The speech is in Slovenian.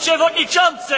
przewodniczący!